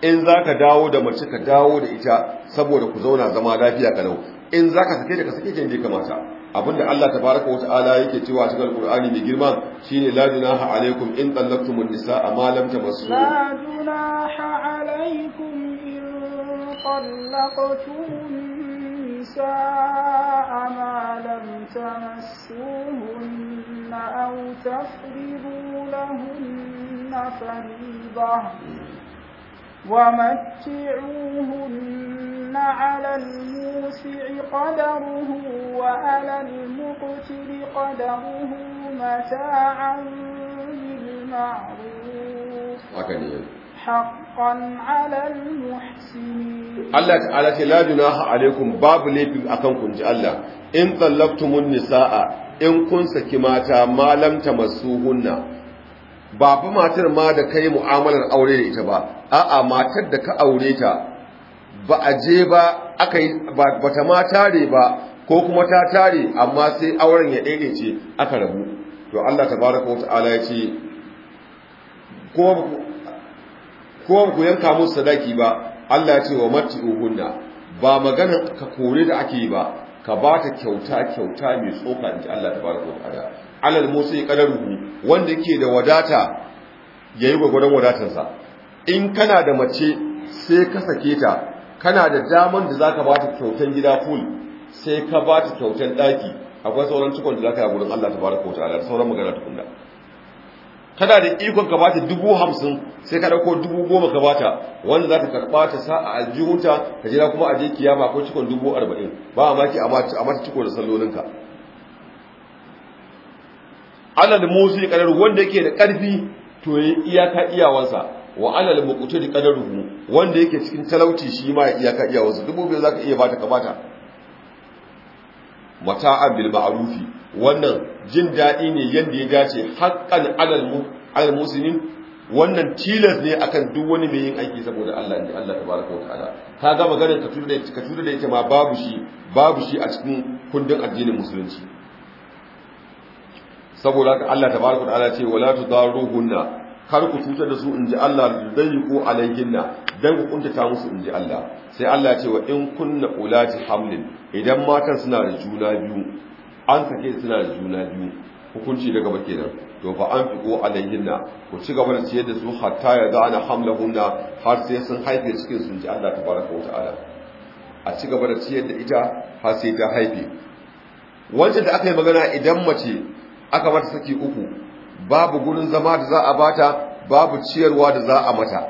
in za ka dawo da mace ka dawo da ita saboda ku zauna zama lafiya kalau in za ka sake da ka sake jinde kamata abinda Allah tabaraka wata'ala yake cewa cikin alkur'ani mai girma shine la junaha alaikum in tallaqtumun nisaa ma lam tamassu la junaha alaikum in النساء ما لم تمسوهن أو تفرضوا لهن فريضة ومتعوهن على الموسع قدره وعلى المقتل قدره متاعا بالمعروف آه، آه، آه. 'alal Allah ta'ala ce la alaikum babu laifin a kan kunji Allah in tallaqtumun nisaa in kun saki mata masu masu ba fi matar ma da ka yi mu'amalar aure da ita ba a'a matar da ka aure ta ba a je ba aka yi ba ta ma tare ba ko kuma ta tare amma sai auren ya ce aka rabu to Allah wata ala ya ce ko ku yanka musu sadaki ba Allah ya ce wa mati'uhunna ba magana ka kore da ake yi ba ka ba ta kyauta kyauta mai tsoka inji Allah Ta baraka wa ta alal musi qadaruhu wanda yake da wadata yayi gwagwaran wadatarsa in kana da mace sai ka sake ta kana da daman da zaka ba ta kyautan gida full sai ka ba ta kyautan daki akwai sauran cikon da zaka yi gurin Allah Ta baraka wa ta sauran magana tukunna tana da ikon ka bata dubu hamsin sai ka ɗauko dubu goma ka bata wanda za ta karɓa ta sa a aljihunta ka jira kuma a je kiyama ko cikon dubu arba'in ba a maki a mata ciko da sallolinka alal musu kadar wanda yake da ƙarfi to ya iyaka iyawansa wa alal mukutu da kadaruhu wanda yake cikin talauci shi ma ya iyaka iyawansa dubu biyu za ka iya bata ka bata mata'an bil ma'rufi wannan jin dadi ne yanda ya dace haqqan alal mu alal muslimin wannan tilas ne akan duk wani mai yin aiki saboda Allah ne Allah tabaraka wa ta'ala ga maganar ka tudu da ka tudu da yake ma babu shi babu shi a cikin kundin addinin musulunci saboda Allah tabaraka wa ta'ala ce wala tudaruhunna kar ku cutar da su in ji Allah da dayyuku alaihinna dan ku kuntata musu in ji Allah sai Allah ce wa in kunna ulati hamlin idan matan suna da juna biyu an sake suna da juna biyu hukunci daga baki nan to ba an fiko na, ku ci gaba da ciyar da su hatta ya hamla hamlahunna har sai sun haife cikin in ji Allah baraka wa ta'ala a ci gaba da ciyar da ita har sai ta haife wancan da aka yi magana idan mace aka mata saki uku babu gurin zama da za a bata babu ciyarwa da za a mata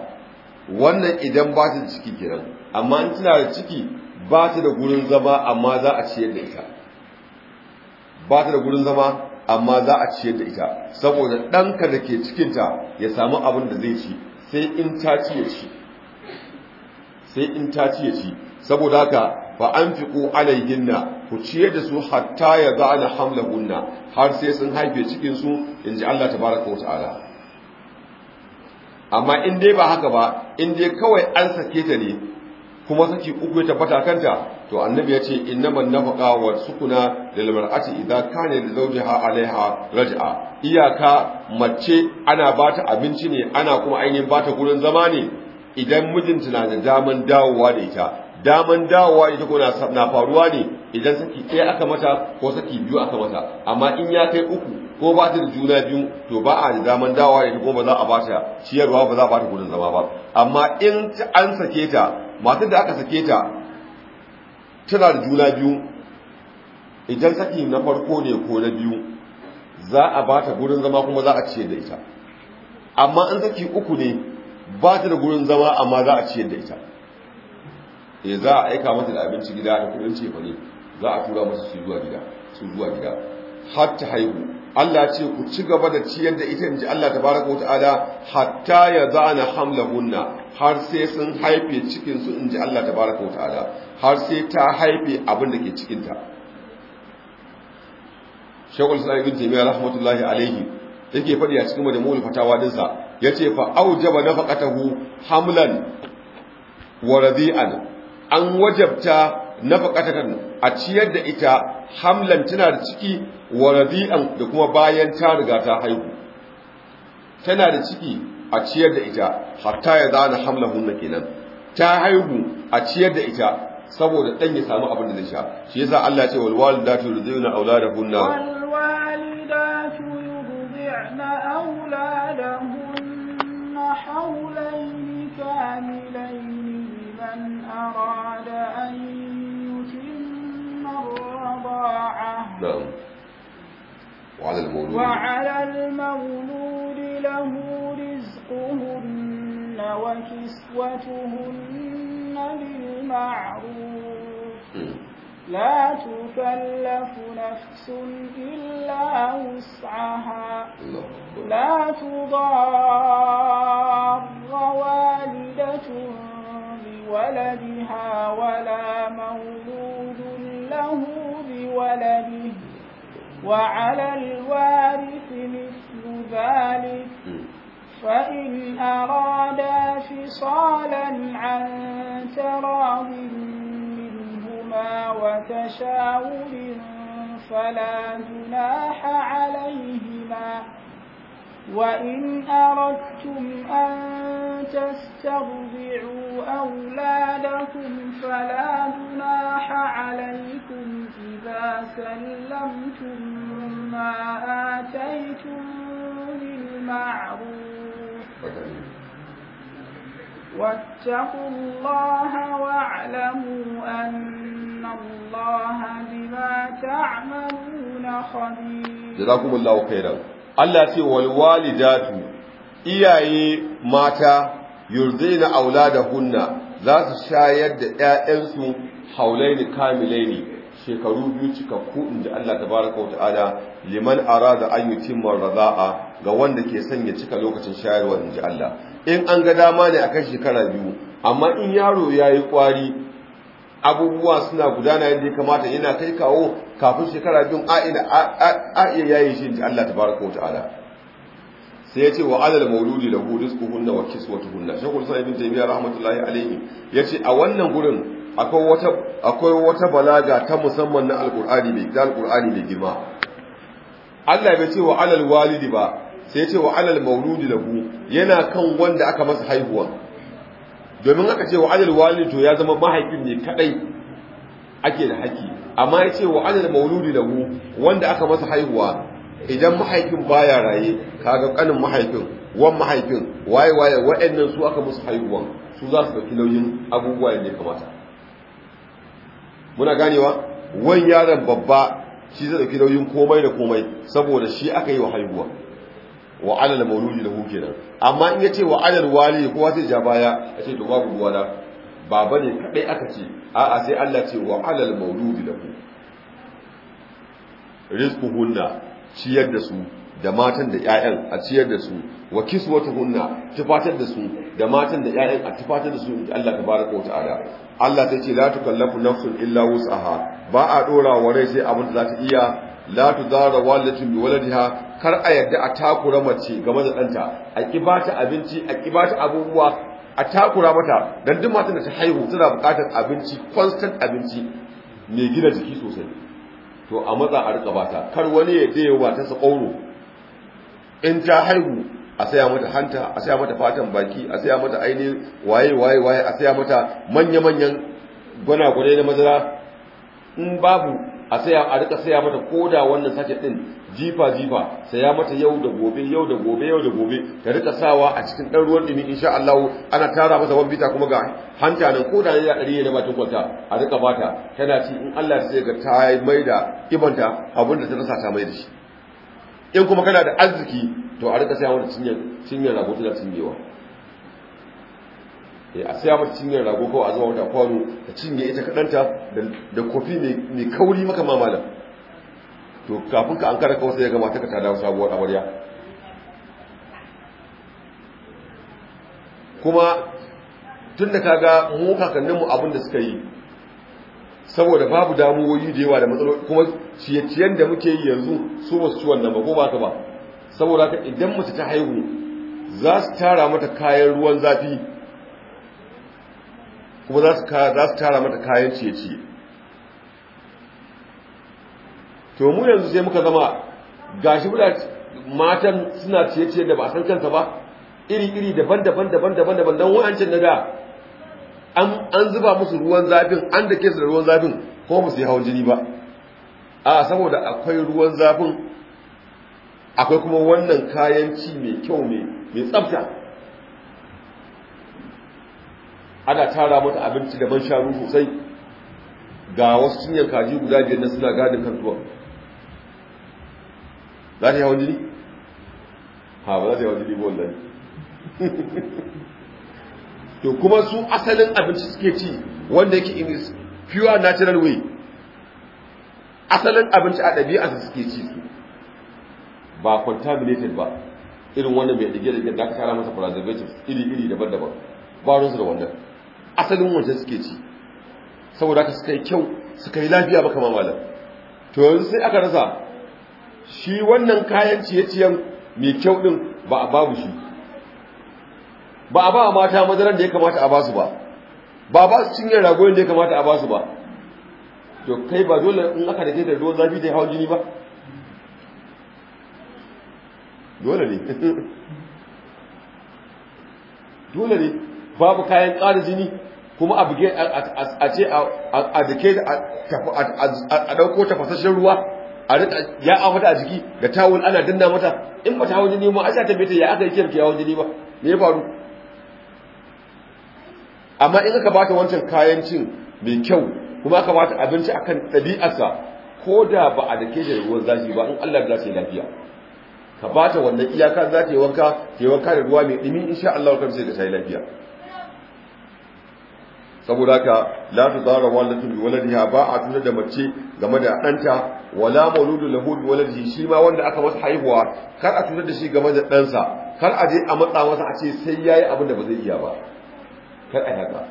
wannan idan ba ta ciki kenan amma in tana da ciki ba ta da gurin zama amma za a ciyar da ita ba ta da gurin zama amma za a ciyar da ita saboda ɗanka da ke cikinta ya samu abin da zai ci sai in ta ci ya ci sai in ta ci ci saboda haka ba an fi ko alayhinna ku ciye da su hatta ya za hamla kunna, har sai sun haife cikinsu, in ji Allah tabaraka ala amma in dai ba haka ba in dai kawai an sake ta ne kuma saki uku ya tabbata kanta to annabi ya ce in na innaman nafaka wa sukuna idan ka ne da zauje ha alaiha raja'a iyaka mace ana bata abinci ne ana kuma ainihin bata gurin zama ne idan mijinta na da daman dawowa da ita daman dawowa ita ko na faruwa ne idan saki ɗaya aka mata ko saki biyu aka mata amma in ya kai uku ko ba ta da juna biyu to ba a da daman dawa ya ko ba za a bata ciyarwa ba za a bata gudun zama ba amma in an sake ta masu da aka sake ta tana da juna biyu idan saki na farko ne ko na biyu za a bata gurin zama kuma za a ciyar da ita amma in saki uku ne ba ta da gurin zama amma za a ciyar da ita e za a aika mata da abinci gida da kudin cefane za a tura musu su zuwa gida su zuwa gida hatta haihu Allah ce ku ci gaba da ciyar da ita inji Allah tabaraka wataala hatta ya zana hamlahunna har sai sun haife cikin su inji Allah tabaraka wataala har sai ta haife abin da ke cikin ta Shaykhul Islam Ibn Taymiyyah rahmatullahi alaihi yake faɗi a cikin majmu'ul fatawa dinsa yace fa aujaba nafaqatahu hamlan wa radi'an an wajabta Na nafaqatan a ciyar da ita hamlan tana da ciki wa radi'an da kuma bayan ta riga ta haihu tana da ciki a ciyar da ita hatta ya zana hunna kenan ta haihu a ciyar da ita saboda dan ya samu abin da zai sha shi yasa Allah ya ce wal walidatu yurdina auladahunna wal walidatu yurdina نعم وعلى المولود وعلى المولود له رزقهن وكسوتهن بالمعروف لا تكلف نفس إلا وسعها لا تضار والدة بولدها ولا مولود وعلى الوارث مثل ذلك فإن أرادا فصالا عن تراض منهما وتشاور فلا جناح عليهما وإن أردتم أن تسترضعوا أولادكم فلا جناح عليكم إذا سلمتم ما آتيتم بالمعروف واتقوا الله واعلموا أن الله بما تعملون خبير جزاكم الله خيرا Allah ce wa walidatu iyaye mata yurdina auladahunna za su shayar da ƴaƴansu haulaini kamilaini shekaru biyu cika cikakku inda Allah ta tabaraka wata'ala liman arada an yutimma radaa ga wanda ke son ya cika lokacin shayarwa inji Allah in an ga dama ne akan shekara biyu amma in yaro yayi kwari abubuwa suna gudana yadda ya kamata yana kai kawo kafin shekara biyun a iya yayin shi da Allah tabaraka wa ta'ala sai ya ce wa alal mauludi da hu hunna wa kiswatuhunna shekul sa ibn taymiya rahmatullahi alayhi ce a wannan gurin akwai wata akwai wata balaga ta musamman na alqur'ani mai da alqur'ani mai girma Allah bai ce wa alal walidi ba sai ya ce wa alal mauludi hu yana kan wanda aka masa haihuwa domin aka ce wa adal ya zama mahaifin ne kadai ake da haƙi amma ya ce wa adal mauludi lahu wanda aka masa haihuwa idan mahaifin baya raye kaga kanin mahaifin wan mahaifin waye waye wa'annan su aka musu haihuwan su za su dauki nauyin abubuwa da ya kamata muna ganewa wan yaron babba shi zai dauki nauyin komai da komai saboda shi aka yi wa haihuwa wa alal mauludi huke kenan amma in yace wa alal wali kowa zai ja baya yace to babu ruwana baba ne kadai aka ce a'a sai Allah ce wa alal mauludi Rizku hunna, ciyar da su da matan da ƴaƴan a ciyar da su wa hunna, tufatar da su da matan da ƴaƴan a tufatar da su in Allah tabaraka wa ta'ala Allah ta ce la tukallafu nafsun illa wus'aha ba a dora wa rai sai abin da za ta iya la zara walatin bi waladiha kar a yadda a takura mace game da danta a kibata abinci a kibata abubuwa a takura mata dan duk matan da ta haihu suna bukatar abinci constant abinci mai gina jiki sosai to a matsa a rika bata kar wani ya ya wa ta saƙoro in ta haihu a saya mata hanta a saya mata fatan baki a saya mata aini waye waye waye a saya mata manya-manyan gwane na madara in babu a sai a rika saya mata koda wannan sake din jifa jifa saya mata yau da gobe yau da gobe yau da gobe ta rika sawa a cikin dan ruwan dumi insha Allah ana tara masa wani bita kuma ga hanta nan koda ya dare ne batun kwanta a rika bata tana ci in Allah sai ga ta da ibanta da ta rasa ta mai da shi in kuma kana da arziki to a rika saya mata cinyar cinyar rago tana cinyewa Eh, a siya mata cinyar rago kawai a zuwa wata kwano ta cinye ita kaɗanta da kofi mai kauri maka mamala to kafin ka an kara kawai sai ya ta ka tada sabuwar amarya kuma tun da ka ga mu kakanninmu abin da suka yi saboda babu damuwoyi da yawa da matsaloli kuma ciye da muke yi yanzu su wasu ciwon nan ba ko ba ka ba saboda haka idan mace ta haihu za su tara mata kayan ruwan zafi kuma za su tara mata kayan ciye-ciye to mu yanzu sai muka zama gashi muna matan suna ciye-ciye da ba san kansa ba iri-iri daban-daban daban-daban daban don wa'ancin na da an zuba musu ruwan zafin an da ke su da ruwan zafin ko ba su yi hawan jini ba a saboda akwai ruwan zafin akwai kuma wannan kayan ci mai kyau mai tsafta ana tara mata abinci da man shanu sosai ga wasu cinyar kaji guda biyar na suna gadin kantuwa za ta yi hawan jini? ha ba za ta yi hawan jini ba wallahi to kuma su asalin abinci suke ci wanda yake in is pure natural way asalin abinci a ɗabi'a su suke ci su ba contaminated ba irin wannan mai ɗige ɗage da aka kara masa preservatives iri-iri daban-daban ba ruwansu da wannan asalin waje suke ci saboda ka suka yi kyau suka yi lafiya baka mamala to yanzu sai aka rasa shi wannan kayan ciye-ciyen mai kyau din ba a babu shi ba a ba a mata madaran da ya kamata a basu ba ba ba su cinye ragoyin da ya kamata a basu ba to kai ba dole in aka da ke da ruwan zafi da ya hawan jini ba dole ne dole ne babu kayan ƙara jini kuma a buge a ce a dake a ɗauko tafasashen ruwa a riƙa ya a jiki da tawul ana dinna mata in ba ta hawan jini ma a sha tabbata ya aka yi kiyar hawan jini ba me ya faru amma in aka bata wancan kayan cin mai kyau kuma aka bata abinci akan ɗabi'arsa ko da ba a dake da ruwan zafi ba in Allah za su yi lafiya ka bata wannan iyaka za ta yi wanka ta yi da ruwa mai ɗumi sha Allah kan sai da ta yi lafiya saboda ka, la tuzara walatu bi waladiha ba a tunar da mace game da ɗanta, wala mauludu lahu bi waladihi shi ma wanda aka masa haihuwa kar a tunar da shi game da ɗansa, kar a je a matsa masa a ce sai yayi abin da ba zai iya ba kar a haka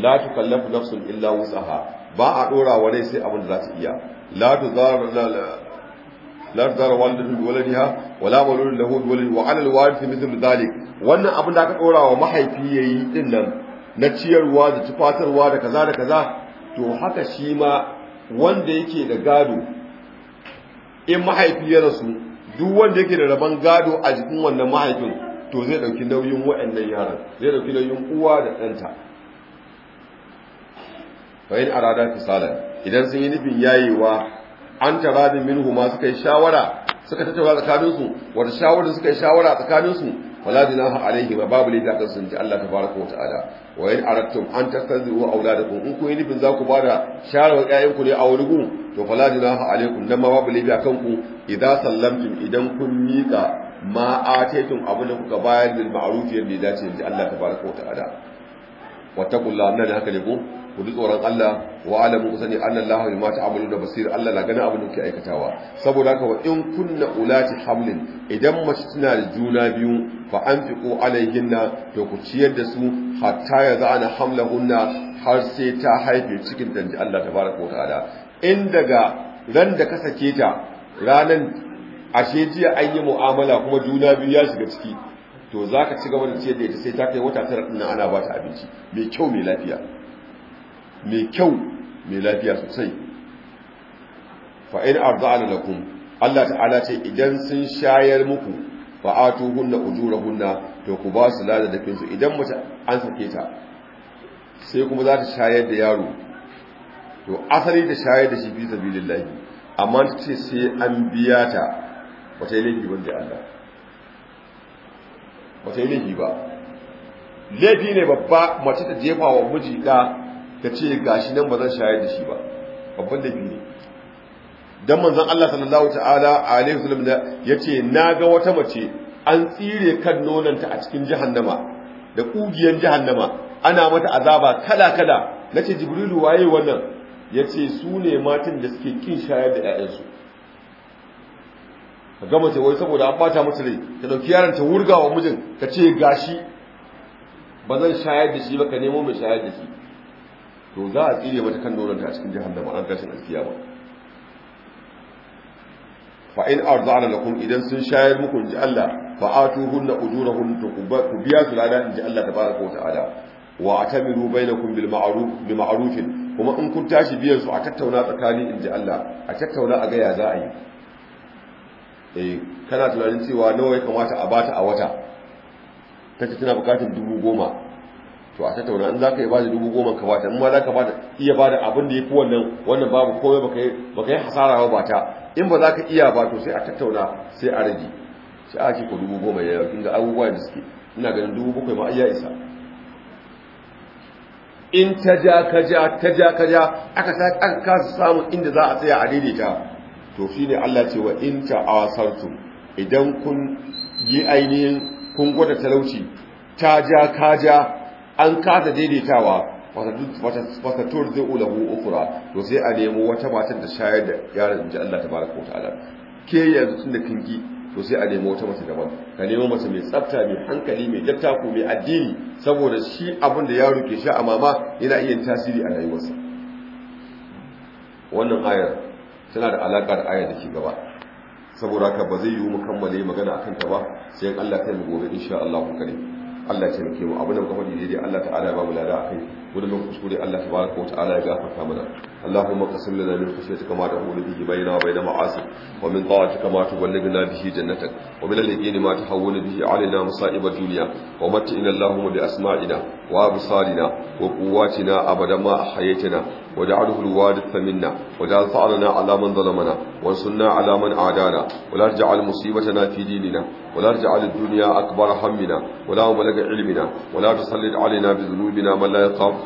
la tukallafu nafsun illa wusaha ba a dora wa rai sai abin da za ta iya la tuzara la tuzara walatu bi waladiha wala mauludu lahu bi waladihi wa ala alwarith mithlu dhalik wannan abin da aka dora wa mahaifi yayi din nan na ciyarwa da tufatarwa da kaza da kaza to haka shi ma wanda yake da gado in mahaifi ya rasu duk wanda yake da rabon gado a jikin wannan mahaifin to zai dauki nauyin waɗannan yaran zai dauki nauyin uwa da ɗanta bayan arada fisalan idan sun yi nufin yayewa an tara da minhu ma suka yi shawara suka tattauna tsakaninsu wata shawarar suka yi shawara tsakaninsu wala junaha alayhi wa babu lida kan sun ji Allah tabaraka wa ta'ala wa in aradtum an tastazi'u auladakum in kun yi nufin za ku ba da ne a wani to wala junaha alaykum dan ma babu lida kan ku idan sallamtum idan kun mika ma ataytum abin da kuka bayar bil ma'arufi yadda ya dace ji Allah tabaraka wa ta'ala wattaqullaha nan haka ne ko ku ji tsoron Allah wa alamu ku sani anna Allah bima da basir Allah na gani abin da aikatawa saboda haka wa in kunna ulati hamlin idan mace tana da juna biyu fa anfiqu alayhinna to ku ciyar da su hatta ya za'ana hamlahunna har sai ta haife cikin danji Allah tabaraka wa ta'ala in daga ran da ka sake ta ranan ashe jiya an yi mu'amala kuma juna biyu ya shiga ciki to za ka ci gaba da ciyar da ita sai ta kai wata tara ɗin ana ba ta abinci mai kyau mai lafiya mai kyau mai lafiya sosai fa'in da lakum Allah ta'ala ce idan sun shayar muku fa'atu hunna ujura hunna to ku ba su lada da finsu idan mace an sake ta sai kuma za ta shayar da yaro to asali da shayar da shi fi sabilillahi amma ce sai an biya ta wata yi laifi wanda Allah wata yi laifi ba laifi ne babba mace ta jefa wa miji ka ce gashi nan ba zan shayar da shi ba babban da ne dan manzon Allah sallallahu ta'ala alaihi wasallam na naga wata mace an tsire kan nonanta a cikin jahannama da kugiyan jahannama ana mata azaba kala kala nace jibrilu waye wannan yace su ne matan da suke kin shayar da ƴaƴansu ka ga mace wai saboda an bata masa rai ta dauki yaron ta wurgawa mijin ka ce gashi ba zan shayar da shi ba ka nemo mai shayar da shi to za a tsire mata kan doron ta a cikin jahannama shi tashin ba. fa in arza'na lakum idan sun shayar muku inji Allah fa atuhunna ujurahun ku biya su lada inji Allah tabaraka wa ta'ala wa atamiru bainakum bil ma'ruf bi ma'ruf kuma in kun tashi biyan su a tattauna tsakani inji Allah a tattauna a ga ya za a yi eh kana tunanin cewa nawa ya kamata a bata a wata kace tana bukatun dubu goma to a tattauna in za ka yi ba da dubu goma ka bata in ma za ka iya ba da abin da ya fi wannan wannan babu kome ba ka yi hasara ba ta in ba za ka iya ba to sai a tattauna sai a rage sai a ce ko dubu goma ya yawa ga abubuwa da suke ina ganin dubu bakwai ma iya isa in ta ja ka ja ta ja ka ja aka sa an kasa samun inda za a tsaya a daidaita to shi ne Allah ce wa in ta asartum idan kun yi ainihin kun gwada talauci ta ja ka ja an kasa daidaitawa wata tur zai ula hu ukura to sai a nemo wata matar da shayar da yaron ji Allah ta baraka wata ala ke yanzu tun da kinki to sai a nemo wata mace daban ka nemo mace mai tsafta mai hankali mai dattako mai addini saboda shi abin da yaro ke sha a mama yana iya tasiri a rayuwarsa wannan ayar tana da alaƙa da ayar da ke gaba saboda haka ba zai yiwu mu kammale magana akan ta ba sai Allah ta yi gobe insha Allah ku kare Allah ya taimake mu abin da muka faɗi daidai Allah ta'ala ya ba mu lada akai wani mun kuskure Allah tabaraka wa ta'ala ya gafarta mana Allahumma qasim lana min khashyatika ma tahulu bihi bainana wa wa min ta'atika ma tuballighuna bihi jannatak wa min al-yaqini ma bihi 'alaina masa'ib ad-dunya wa mat'ina Allahumma bi asma'ina wa absarina wa quwwatina abada ma ahyaytana واجعله الوارث منا واجعل ثأرنا على من ظلمنا وانصرنا على من عادانا ولا تجعل مصيبتنا في ديننا ولا تجعل الدنيا أكبر همنا ولا مبلغ علمنا ولا تسلط علينا بذنوبنا من لا يخافك